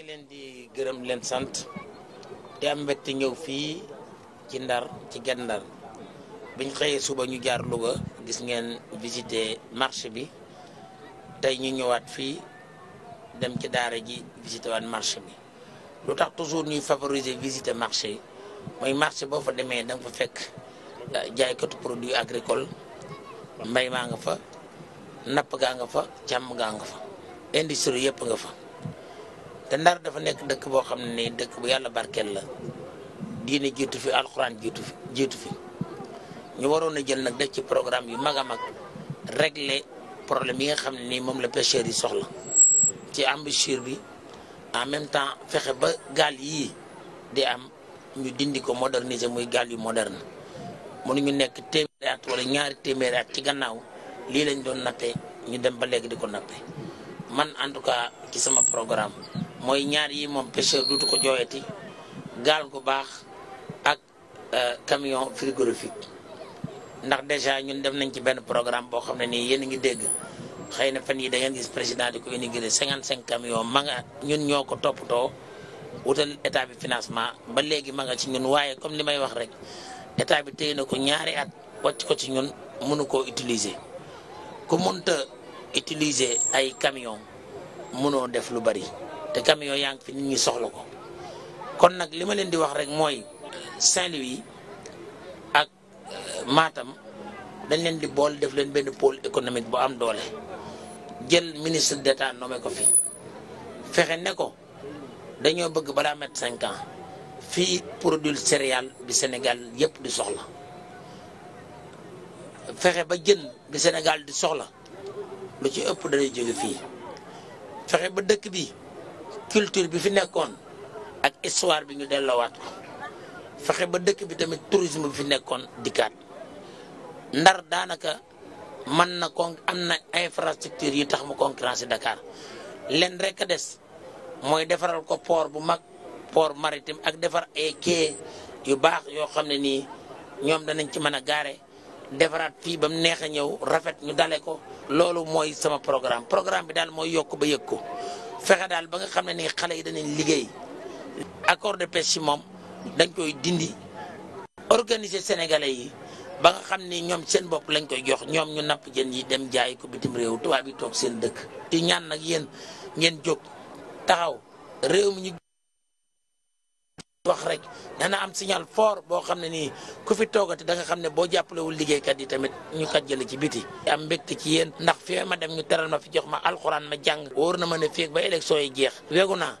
ngi leen di gërëm leen sant di am mbégte ñëw fii ci ndar ci Guet biñ xëyee suba ñu jaar Louga gis ngeen visité marché bi tey ñu ñëwaat fii dem ci daara ji visité waat marché bi lu tax toujours ñuy favoriser visiter marché yi mooy marché boo fa demee da nga fa fekk ah, jaaykatu produit agricole mbay maa nga fa napp gaa nga fa càmm gaa nga fa industrie yëpp nga fa te ndar dafa nekk dëkk boo xam ne nii dëkk bu yàlla barkeel la diine jiitu fi alxuraan jiitu fi jiitu fi ñu waroon a jël nag def ci programme yu mag a mag régler problème yi nga xam ne nii moom la pêcheurs yi soxla ci embouchure bi en même temps fexe ba gaal yii di am ñu dindi ko moderniser muy gaal yu moderne ñu nekk téeméeri at wala ñaari téeméeri ci gannaaw lii lañ doon nappe ñu dem ba léegi di ko nappe man en tout cas ci sama programme mooy ñaari yi moom pêcheur duutu ko jooyati gaal gu baax ak euh, camion frigorifique ndax déjà ñun def nañ ci benn programme boo xam ne nii yéen a ngi dégg xëy na fan yi da ngeen gis président di ko inauguré cinquante cinq camion ma nga ñun ñoo ko toppatoo wutal état bi financement ba léegi ma ci ñun waaye comme li may wax rek état bi téye na ko ñaari at wàcc ko ci ñun mënu koo utiliser ku munta utiliser ay camion mënoo def lu bari te camion yaa fi nit ñi soxla ko kon nag li ma leen di wax rek mooy Saint-Louis ak euh, maatam dañ leen di bool def leen benn pôle économique bu am doole jël ministre d'État nommé ko fi fexe ne ko dañoo bëgg balaa mettre cinq ans fii produit céréale bi Sénégal yépp di soxla fexe ba jën bi Sénégal di soxla lu ci ëpp danay jóge fii fexe ba dëkk bi culture bi fi nekkoon ak histoire bi ñu delloowaat ko fexe ba dëkk bi tamit tourisme bi fi nekkoon dikkaat ndar daanaka mën na kon am na infrastructure yi tax mu concurrence Dakar leen rek a des mooy defaral ko port bu mag port maritime ak defar ay yu baax yoo xam ne nii ñoom danañ ci mën a gaare defaraat fii ba mu neex a ñëw rafet ñu dale ko loolu mooy sama programme programme bi daal mooy yokk ba yëg ko fexe daal ba nga xam ne ni xale yi danañ liggéey accord de pêche yi moom dañ koy dindi organiser sénégalais yi ba nga xam ni ñoom seen bopp lañ koy jox ñoom ñu napp jën yi dem jaay ko bitim réew tubaab yi toog seen dëkk. di ñaan nag yéen ngeen jóg taxaw réew mi ñu wax rek dana am signal fort boo xam ne nii ku fi toogati da nga xam ne boo jàppalewul liggéeykat yi tamit ñu kat jële ci biti am mbégte ci yéen ndax fi ma dem ñu teral ma fi jox ma alxuraan ma jàng wóor na ma ne fii ba élection yi jeex wegu naa